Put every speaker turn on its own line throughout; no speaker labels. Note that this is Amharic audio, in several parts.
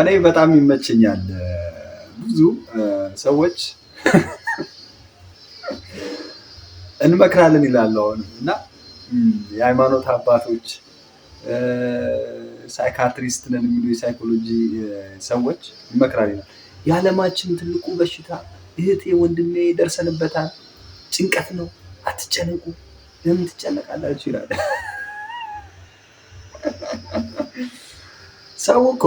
እኔ በጣም ይመቸኛል። ብዙ ሰዎች እንመክራለን ይላሉ አሁን እና የሃይማኖት አባቶች ሳይካትሪስት ነን የሚሉ የሳይኮሎጂ ሰዎች ይመክራል ይላል። የዓለማችን ትልቁ በሽታ እህቴ ወንድሜ ደርሰንበታል፣ ጭንቀት ነው። አትጨነቁ፣ ለምን ትጨነቃላችሁ ይላል ሰው እኮ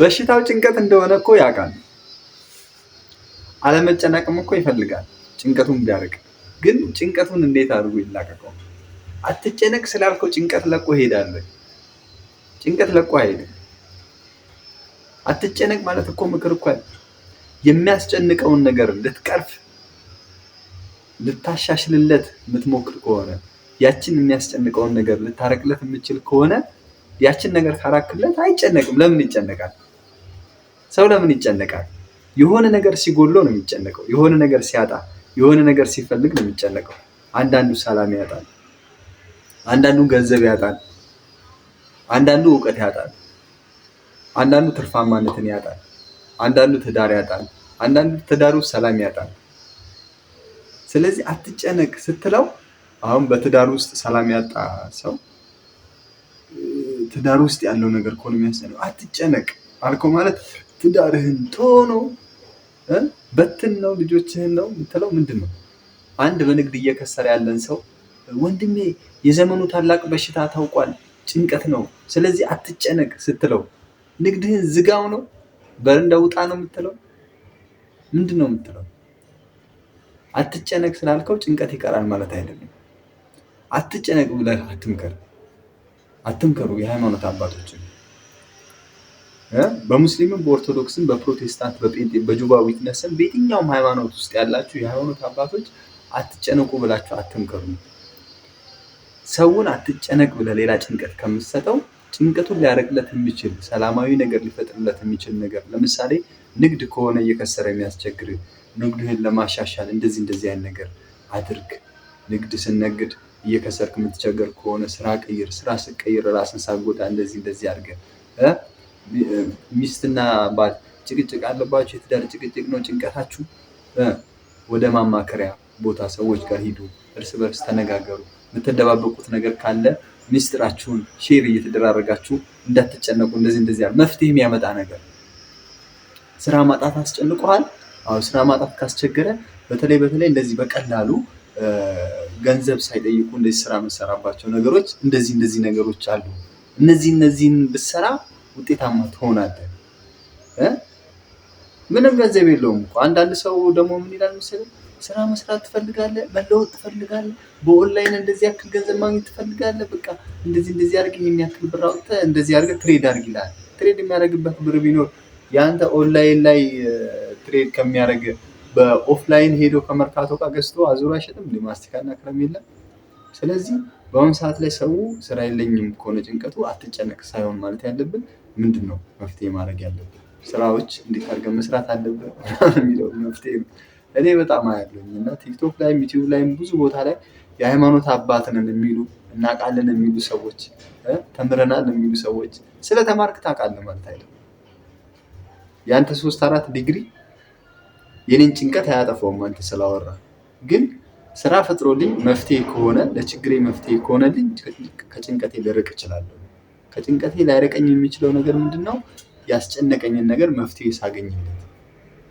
በሽታው ጭንቀት እንደሆነ እኮ ያውቃል። አለመጨነቅም እኮ ይፈልጋል ጭንቀቱን ቢያርቅ። ግን ጭንቀቱን እንዴት አድርጎ ይላቀቀው? አትጨነቅ ስላልከው ጭንቀት ለቆ ይሄዳል? ጭንቀት ለቆ አይሄድም። አትጨነቅ ማለት እኮ ምክር እኳ የሚያስጨንቀውን ነገር ልትቀርፍ ልታሻሽልለት የምትሞክር ከሆነ ያችን የሚያስጨንቀውን ነገር ልታረቅለት የምችል ከሆነ ያችን ነገር ታራክለት አይጨነቅም። ለምን ይጨነቃል? ሰው ለምን ይጨነቃል? የሆነ ነገር ሲጎሎ ነው የሚጨነቀው። የሆነ ነገር ሲያጣ፣ የሆነ ነገር ሲፈልግ ነው የሚጨነቀው። አንዳንዱ ሰላም ያጣል፣ አንዳንዱ ገንዘብ ያጣል፣ አንዳንዱ እውቀት ያጣል፣ አንዳንዱ ትርፋማነትን ያጣል፣ አንዳንዱ ትዳር ያጣል፣ አንዳንዱ ትዳሩ ሰላም ያጣል። ስለዚህ አትጨነቅ ስትለው አሁን በትዳር ውስጥ ሰላም ያጣ ሰው ትዳር ውስጥ ያለው ነገር እኮ ነው የሚያስጨንቀው። አትጨነቅ አልከው ማለት ትዳርህን ቶሎ በትን ነው ልጆችህን ነው የምትለው ምንድን ነው? አንድ በንግድ እየከሰረ ያለን ሰው ወንድሜ የዘመኑ ታላቅ በሽታ ታውቋል፣ ጭንቀት ነው፣ ስለዚህ አትጨነቅ ስትለው ንግድህን ዝጋው ነው በረንዳ ውጣ ነው የምትለው? ምንድን ነው የምትለው? አትጨነቅ ስላልከው ጭንቀት ይቀራል ማለት አይደለም። አትጨነቅ ብለህ አትምከር። አትምከሩ የሃይማኖት አባቶችን በሙስሊምም በኦርቶዶክስም በፕሮቴስታንት በጴንጤ በጁባ ዊትነስም በየትኛውም ሃይማኖት ውስጥ ያላችሁ የሃይማኖት አባቶች አትጨነቁ ብላችሁ አትምከሩ። ሰውን አትጨነቅ ብለህ ሌላ ጭንቀት ከምትሰጠው ጭንቀቱን ሊያረቅለት የሚችል ሰላማዊ ነገር ሊፈጥርለት የሚችል ነገር ለምሳሌ ንግድ ከሆነ እየከሰረ የሚያስቸግር ንግድህን ለማሻሻል እንደዚህ እንደዚህ አይነት ነገር አድርግ። ንግድ ስነግድ እየከሰርክ የምትቸገር ከሆነ ስራ ቀይር። ስራ ስቀይር ራስን ሳጎዳ እንደዚህ እንደዚህ አድርገህ ሚስትና ባል ጭቅጭቅ አለባችሁ፣ የትዳር ጭቅጭቅ ነው ጭንቀታችሁ፣ ወደ ማማከሪያ ቦታ ሰዎች ጋር ሂዱ፣ እርስ በርስ ተነጋገሩ። የምትደባበቁት ነገር ካለ ሚስጥራችሁን ሼር እየተደራረጋችሁ እንዳትጨነቁ። እንደዚህ እንደዚህ ያለ መፍትሄ የሚያመጣ ነገር። ስራ ማጣት አስጨንቆሃል? አዎ፣ ስራ ማጣት ካስቸገረ በተለይ በተለይ እንደዚህ በቀላሉ ገንዘብ ሳይጠይቁ እንደዚህ ስራ የምሰራባቸው ነገሮች እንደዚህ እንደዚህ ነገሮች አሉ። እነዚህ እነዚህን ብሰራ ውጤታማ ትሆናለህ። ምንም ገንዘብ የለውም እኮ። አንዳንድ ሰው ደግሞ ምን ይላል መሰለህ፣ ስራ መስራት ትፈልጋለህ፣ መለወጥ ትፈልጋለህ፣ በኦንላይን እንደዚህ ያክል ገንዘብ ማግኘት ትፈልጋለህ፣ በቃ እንደዚህ እንደዚህ አድርግ፣ ይሄን ያክል ብር አውጥተህ እንደዚህ አድርገህ ትሬድ አድርግ ይላል። ትሬድ የሚያደርግበት ብር ቢኖር የአንተ ኦንላይን ላይ ትሬድ ከሚያደርግ በኦፍላይን ሄዶ ከመርካቶ ጋር ገዝቶ አዙሮ አይሸጥም። ማስቲካና ክረም የለም። ስለዚህ በአሁኑ ሰዓት ላይ ሰው ስራ የለኝም ከሆነ ጭንቀቱ አትጨነቅ ሳይሆን ማለት ያለብን ምንድን ነው መፍትሄ ማድረግ ያለብን ስራዎች እንዴት አድርገን መስራት አለብን የሚለው መፍትሄ ነው። እኔ በጣም አያለኝ እና ቲክቶክ ላይም ዩቲዩብ ላይም ብዙ ቦታ ላይ የሃይማኖት አባት ነን የሚሉ እናቃለን የሚሉ ሰዎች ተምረናል የሚሉ ሰዎች ስለ ተማርክ ታውቃለህ ማለት አይደለም። የአንተ ሶስት አራት ዲግሪ የኔን ጭንቀት አያጠፋውም አንተ ስላወራ ግን ስራ ፈጥሮልኝ መፍትሄ ከሆነ ለችግሬ መፍትሄ ከሆነልኝ ከጭንቀቴ ልርቅ እችላለሁ። ከጭንቀቴ ላይረቀኝ የሚችለው ነገር ምንድነው? ያስጨነቀኝን ነገር መፍትሄ ሳገኝለት።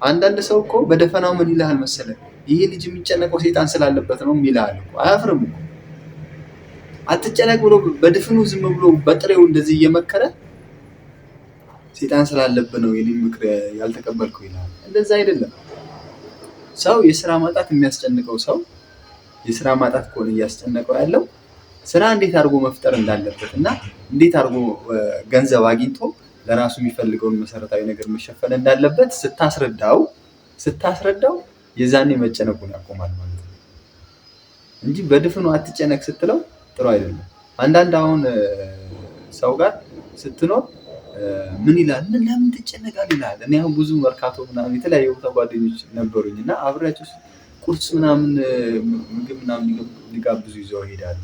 አንዳንድ ሰው እኮ በደፈናው ምን ይልሃል መሰለህ፣ ይሄ ልጅ የሚጨነቀው ሴጣን ስላለበት ነው ይልሃል። አያፍርም እኮ አትጨነቅ ብሎ በድፍኑ ዝም ብሎ በጥሬው እንደዚህ እየመከረ ሴጣን ስላለበት ነው የኔን ምክር ያልተቀበልከው ይልሃል። እንደዛ አይደለም። ሰው የስራ ማጣት የሚያስጨንቀው ሰው የስራ ማጣት ከሆነ እያስጨነቀው ያለው ስራ እንዴት አድርጎ መፍጠር እንዳለበት እና እንዴት አድርጎ ገንዘብ አግኝቶ ለራሱ የሚፈልገውን መሰረታዊ ነገር መሸፈን እንዳለበት ስታስረዳው ስታስረዳው የዛኔ መጨነቁን ያቆማል ማለት ነው እንጂ በድፍኑ አትጨነቅ ስትለው ጥሩ አይደለም። አንዳንድ አሁን ሰው ጋር ስትኖር ምን ይላል? ምን ለምን ትጨነቃል ይላል። እኔ አሁን ብዙ መርካቶ ምናምን የተለያዩ ቦታ ጓደኞች ነበሩኝ እና አብሬያቸው ቁርስ ምናምን ምግብ ምናምን ሊጋብዙ ይዘው ይሄዳሉ።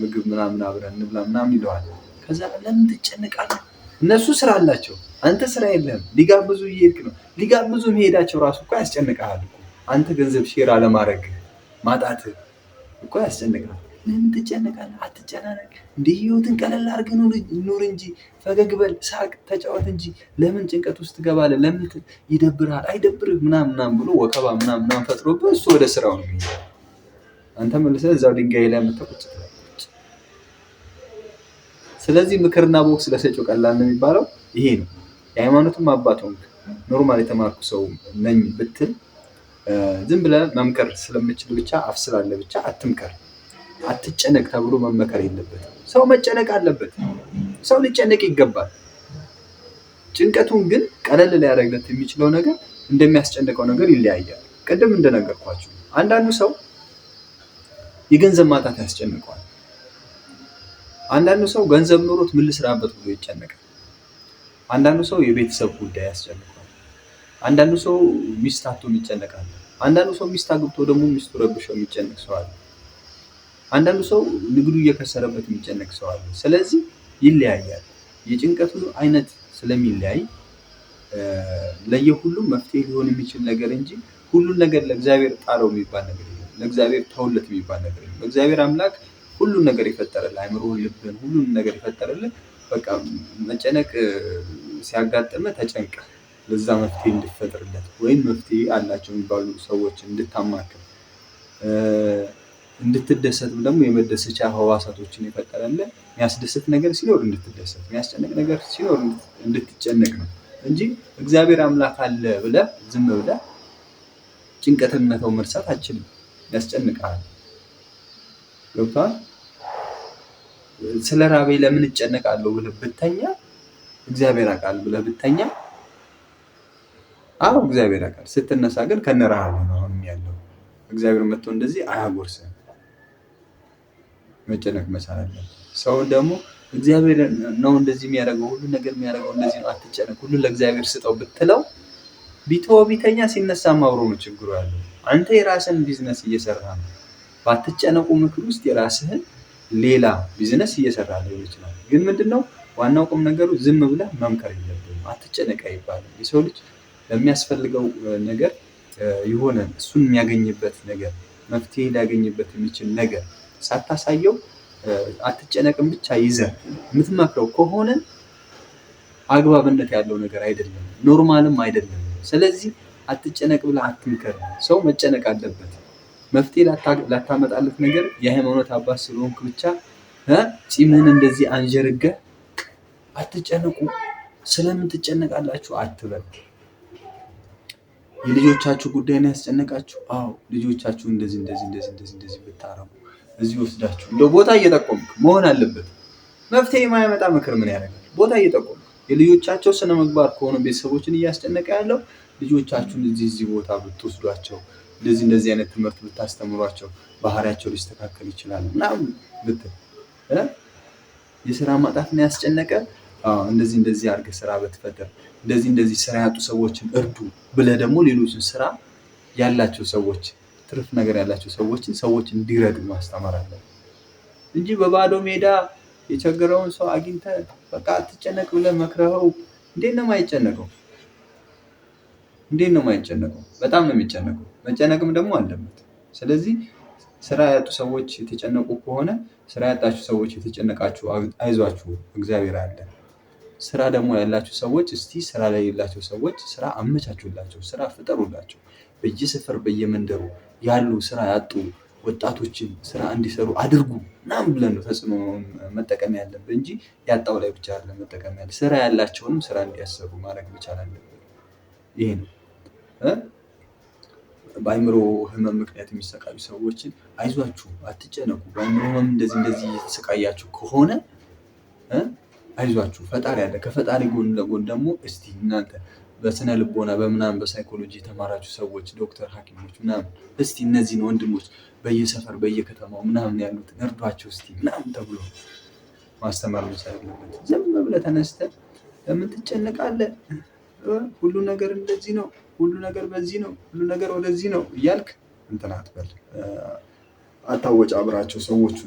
ምግብ ምናምን አብረን እንብላ ምናምን ይለዋል። ከዛ ለምን ትጨነቃለህ? እነሱ ስራ አላቸው፣ አንተ ስራ የለህም። ሊጋብዙ እየሄድክ ነው። ሊጋብዙ መሄዳቸው ራሱ እኮ ያስጨንቅሃል። አንተ ገንዘብ ሼር አለማድረግ ማጣት እኮ ያስጨንቃል። ለምን ትጨነቃለህ? አትጨናነቅ። እንዲህ ህይወትን ቀለል አድርገህ ኑር እንጂ ፈገግ በል፣ ሳቅ፣ ተጫወት እንጂ ለምን ጭንቀት ውስጥ ትገባለህ? ለምን ይደብርሃል? አይደብርህ ምናምን ምናምን ብሎ ወከባ ምናምን ምናምን ፈጥሮብህ እሱ ወደ ስራው ነው አንተ መልሰህ እዛው ድንጋይ ላይ የምትቆጭ። ስለዚህ ምክርና ቦክስ ለሰጪው ቀላል ነው የሚባለው ይሄ ነው። የሃይማኖትም አባት ሆንክ ኖርማል የተማርኩ ሰው ነኝ ብትል ዝም ብለህ መምከር ስለምችል ብቻ አፍ ስላለ ብቻ አትምከር። አትጨነቅ ተብሎ መመከር የለበት። ሰው መጨነቅ አለበት። ሰው ሊጨነቅ ይገባል። ጭንቀቱን ግን ቀለል ሊያደርግለት የሚችለው ነገር እንደሚያስጨንቀው ነገር ይለያያል። ቅድም እንደነገርኳችሁ አንዳንዱ ሰው የገንዘብ ማጣት ያስጨንቀዋል። አንዳንዱ ሰው ገንዘብ ኖሮት ምን ልስራበት ብሎ ይጨነቃል። አንዳንዱ ሰው የቤተሰብ ጉዳይ ያስጨንቀዋል። አንዳንዱ ሰው ሚስት አጥቶ ይጨነቃል። አንዳንዱ ሰው ሚስት አግብቶ ደግሞ ሚስቱ ረብሸው የሚጨነቅ ሰው አለ። አንዳንዱ ሰው ንግዱ እየከሰረበት የሚጨነቅ ሰው አለ። ስለዚህ ይለያያል። የጭንቀቱ አይነት ስለሚለያይ ለየሁሉም መፍትሄ ሊሆን የሚችል ነገር እንጂ ሁሉን ነገር ለእግዚአብሔር ጣለው የሚባል ነገር የለም። ለእግዚአብሔር ተውለት የሚባል ነገር የለም። እግዚአብሔር አምላክ ሁሉን ነገር የፈጠረልህ አይምሮ ልብን፣ ሁሉን ነገር የፈጠረልን በቃ መጨነቅ ሲያጋጥመ ተጨንቀ ለዛ መፍትሄ እንድትፈጥርለት ወይም መፍትሄ አላቸው የሚባሉ ሰዎች እንድታማክር እንድትደሰትም ደግሞ የመደሰቻ ህዋሳቶችን የፈጠረልህ የሚያስደስት ነገር ሲኖር እንድትደሰት፣ የሚያስጨንቅ ነገር ሲኖር እንድትጨነቅ ነው እንጂ እግዚአብሔር አምላክ አለ ብለ ዝም ብለ ጭንቀትን መተው መርሳት አችልም። ያስጨንቅሃል። ገብቶሃል? ስለ ራቤ ለምን እጨነቃለሁ ብለ ብተኛ እግዚአብሔር አቃል ብለ ብተኛ፣ አሁ እግዚአብሔር አቃል ስትነሳ ግን ከነረሃብ ነው አሁንም ያለው። እግዚአብሔር መጥቶ እንደዚህ አያጎርስም። መጨነቅ መቻል አለን። ሰውን ደግሞ እግዚአብሔር ነው እንደዚህ የሚያደርገው ሁሉ ነገር የሚያደርገው እንደዚህ ነው፣ አትጨነቅ፣ ሁሉ ለእግዚአብሔር ስጠው ብትለው ቢቶ ቢተኛ ሲነሳም አብሮ ነው ችግሩ ያለው። አንተ የራስህን ቢዝነስ እየሰራ ነው። ባትጨነቁ ምክር ውስጥ የራስህን ሌላ ቢዝነስ እየሰራ ሊሆን ይችላል። ግን ምንድነው ዋናው ቁም ነገሩ ዝም ብለህ መምከር የለብህም። አትጨነቅ አይባልም። የሰው ልጅ ለሚያስፈልገው ነገር የሆነ እሱን የሚያገኝበት ነገር መፍትሄ ሊያገኝበት የሚችል ነገር ሳታሳየው አትጨነቅም ብቻ ይዘህ የምትመክረው ከሆነ አግባብነት ያለው ነገር አይደለም፣ ኖርማልም አይደለም። ስለዚህ አትጨነቅ ብለህ አትምከር። ሰው መጨነቅ አለበት። መፍትሄ ላታመጣለት ነገር የሃይማኖት አባት ስለሆንክ ብቻ ፂምህን እንደዚህ አንጀርገህ አትጨነቁ፣ ስለምን ትጨነቃላችሁ አትበል። የልጆቻችሁ ጉዳይ ነው ያስጨነቃችሁ? አዎ ልጆቻችሁ እንደዚህ እንደዚህ እንደዚህ እንደዚህ እንደዚህ ብታረጉ እዚህ ወስዳችሁ እንደ ቦታ እየጠቆምክ መሆን አለበት። መፍትሄ የማያመጣ ምክር ምን ያደርጋል? ቦታ እየጠቆምክ የልጆቻቸው ስነ ምግባር ከሆኑ ቤተሰቦችን እያስጨነቀ ያለው ልጆቻችሁን እዚህ እዚህ ቦታ ብትወስዷቸው፣ እንደዚህ እንደዚህ አይነት ትምህርት ብታስተምሯቸው ባህሪያቸው ሊስተካከል ይችላል ምናምን ብትል የስራ ማጣትን ያስጨነቀ እንደዚህ እንደዚህ አርገ ስራ ብትፈጥር እንደዚህ እንደዚህ ስራ ያጡ ሰዎችን እርዱ ብለህ ደግሞ ሌሎችን ስራ ያላቸው ሰዎች ትርፍ ነገር ያላቸው ሰዎችን ሰዎች እንዲረዱ ማስተማር አለ እንጂ በባዶ ሜዳ የቸገረውን ሰው አግኝተ በቃ ትጨነቅ ብለህ መክረኸው እንዴት ነው የማይጨነቀው? እንዴት ነው የማይጨነቀው? በጣም ነው የሚጨነቀው። መጨነቅም ደግሞ አለበት። ስለዚህ ስራ ያጡ ሰዎች የተጨነቁ ከሆነ ስራ ያጣችሁ ሰዎች የተጨነቃችሁ አይዟችሁ፣ እግዚአብሔር አለ። ስራ ደግሞ ያላችሁ ሰዎች እስቲ ስራ ላይ የላቸው ሰዎች ስራ አመቻችሁላቸው፣ ስራ ፍጠሩላቸው በየስፍር በየመንደሩ ያሉ ስራ ያጡ ወጣቶችን ስራ እንዲሰሩ አድርጉ ምናምን ብለን ነው ተጽዕኖ መጠቀም ያለብን እንጂ ያጣው ላይ ብቻ አይደለም መጠቀም ያለ ስራ ያላቸውንም ስራ እንዲያሰሩ ማድረግ መቻል አለብን። ይሄ ነው በአይምሮ ህመም ምክንያት የሚሰቃዩ ሰዎችን አይዟችሁ፣ አትጨነቁ፣ በአይምሮ ህመም እንደዚህ እንደዚህ እየተሰቃያችሁ ከሆነ አይዟችሁ ፈጣሪ አለ። ከፈጣሪ ጎን ለጎን ደግሞ እስቲ እናንተ በስነ ልቦና በምናምን በሳይኮሎጂ የተማራችሁ ሰዎች ዶክተር ሐኪሞች ምናምን እስቲ እነዚህን ወንድሞች በየሰፈር በየከተማው ምናምን ያሉት እርዷቸው እስቲ ምናምን ተብሎ ማስተማር መቻል አለበት። ዝም ብለህ ተነስተህ ለምን ትጨነቃለህ? ሁሉ ነገር እንደዚህ ነው፣ ሁሉ ነገር በዚህ ነው፣ ሁሉ ነገር ወደዚህ ነው እያልክ እንትን አትበል፣ አታወጭ አብራቸው ሰዎቹ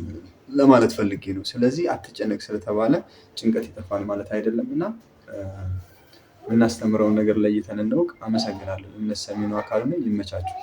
ለማለት ፈልጌ ነው። ስለዚህ አትጨነቅ ስለተባለ ጭንቀት ይጠፋል ማለት አይደለም እና የምናስተምረውን ነገር ለይተን እናውቅ። አመሰግናለሁ። እምነት ሰሚኑ አካል ነ ይመቻችሁ።